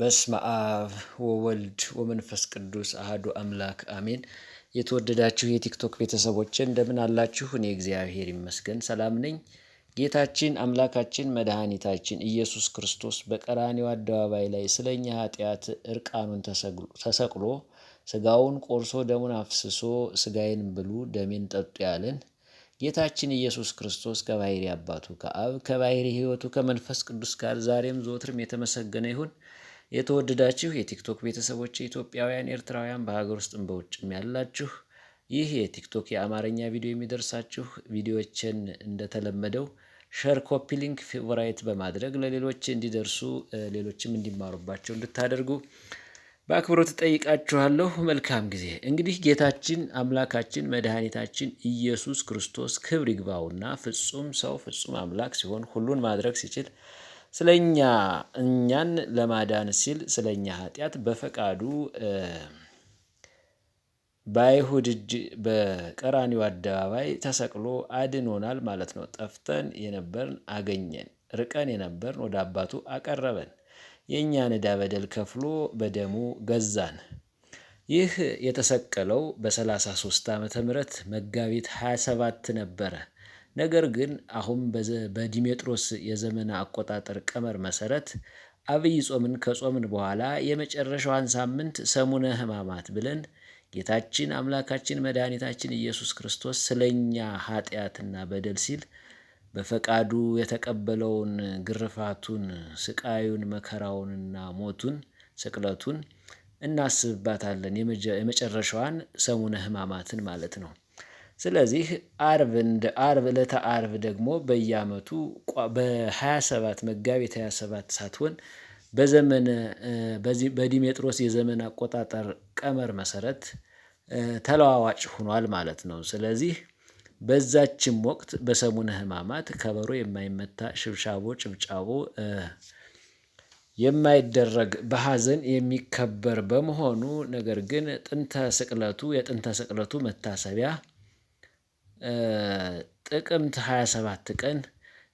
በስመ አብ ወወልድ ወመንፈስ ቅዱስ አህዱ አምላክ አሜን። የተወደዳችሁ የቲክቶክ ቤተሰቦች እንደምን አላችሁ? እኔ እግዚአብሔር ይመስገን ሰላም ነኝ። ጌታችን አምላካችን መድኃኒታችን ኢየሱስ ክርስቶስ በቀራኔው አደባባይ ላይ ስለ እኛ ኃጢአት እርቃኑን ተሰቅሎ ስጋውን ቆርሶ ደሙን አፍስሶ ስጋዬን ብሉ ደሜን ጠጡ ያለን ጌታችን ኢየሱስ ክርስቶስ ከባሕሪ አባቱ ከአብ ከባሕሪ ሕይወቱ ከመንፈስ ቅዱስ ጋር ዛሬም ዘወትርም የተመሰገነ ይሁን። የተወደዳችሁ የቲክቶክ ቤተሰቦች ኢትዮጵያውያን፣ ኤርትራውያን በሀገር ውስጥም በውጭም ያላችሁ ይህ የቲክቶክ የአማርኛ ቪዲዮ የሚደርሳችሁ ቪዲዮችን እንደተለመደው ሸር፣ ኮፒ ሊንክ፣ ፌቨራይት በማድረግ ለሌሎች እንዲደርሱ ሌሎችም እንዲማሩባቸው እንድታደርጉ በአክብሮት ጠይቃችኋለሁ። መልካም ጊዜ። እንግዲህ ጌታችን አምላካችን መድኃኒታችን ኢየሱስ ክርስቶስ ክብር ይግባውና ፍጹም ሰው ፍጹም አምላክ ሲሆን ሁሉን ማድረግ ሲችል እኛ እኛን ለማዳን ሲል ስለኛ ኃጢአት በፈቃዱ በአይሁድ እጅ በቀራኒው አደባባይ ተሰቅሎ አድኖናል ማለት ነው። ጠፍተን የነበርን አገኘን፣ ርቀን የነበርን ወደ አባቱ አቀረበን። የእኛን ዕዳ በደል ከፍሎ በደሙ ገዛን። ይህ የተሰቀለው በሰላሳ 33 ዓ ም መጋቢት 27 ነበረ። ነገር ግን አሁን በዲሜጥሮስ የዘመን አቆጣጠር ቀመር መሰረት አብይ ጾምን ከጾምን በኋላ የመጨረሻዋን ሳምንት ሰሙነ ሕማማት ብለን ጌታችን አምላካችን መድኃኒታችን ኢየሱስ ክርስቶስ ስለኛ ኃጢአትና በደል ሲል በፈቃዱ የተቀበለውን ግርፋቱን፣ ስቃዩን፣ መከራውንና ሞቱን፣ ስቅለቱን እናስብባታለን። የመጨረሻዋን ሰሙነ ሕማማትን ማለት ነው። ስለዚህ አርብ እንደ አርብ ዕለተ አርብ ደግሞ በየአመቱ በ 27 መጋቢት 27 ሳትሆን በዘመነ በዲሜጥሮስ የዘመን አቆጣጠር ቀመር መሰረት ተለዋዋጭ ሆኗል ማለት ነው። ስለዚህ በዛችም ወቅት በሰሙነ ህማማት ከበሮ የማይመታ ሽብሻቦ ጭብጫቦ የማይደረግ በሀዘን የሚከበር በመሆኑ ነገር ግን ጥንተ ስቅለቱ የጥንተ ስቅለቱ መታሰቢያ ጥቅምት 27 ቀን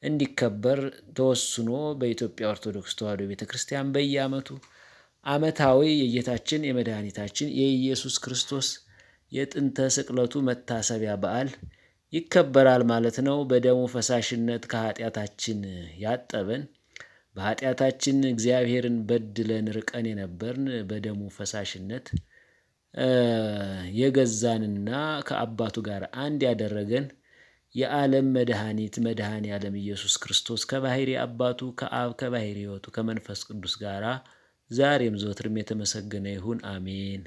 እንዲከበር ተወስኖ በኢትዮጵያ ኦርቶዶክስ ተዋህዶ ቤተ ክርስቲያን በየዓመቱ ዓመታዊ የጌታችን የመድኃኒታችን የኢየሱስ ክርስቶስ የጥንተ ስቅለቱ መታሰቢያ በዓል ይከበራል ማለት ነው። በደሙ ፈሳሽነት ከኃጢአታችን ያጠበን በኃጢአታችን እግዚአብሔርን በድለን ርቀን የነበርን በደሙ ፈሳሽነት የገዛንና ከአባቱ ጋር አንድ ያደረገን የዓለም መድኃኒት መድኃኔ ዓለም ኢየሱስ ክርስቶስ ከባሕሪ አባቱ ከአብ ከባሕሪ ሕይወቱ ከመንፈስ ቅዱስ ጋር ዛሬም ዘወትርም የተመሰገነ ይሁን አሜን።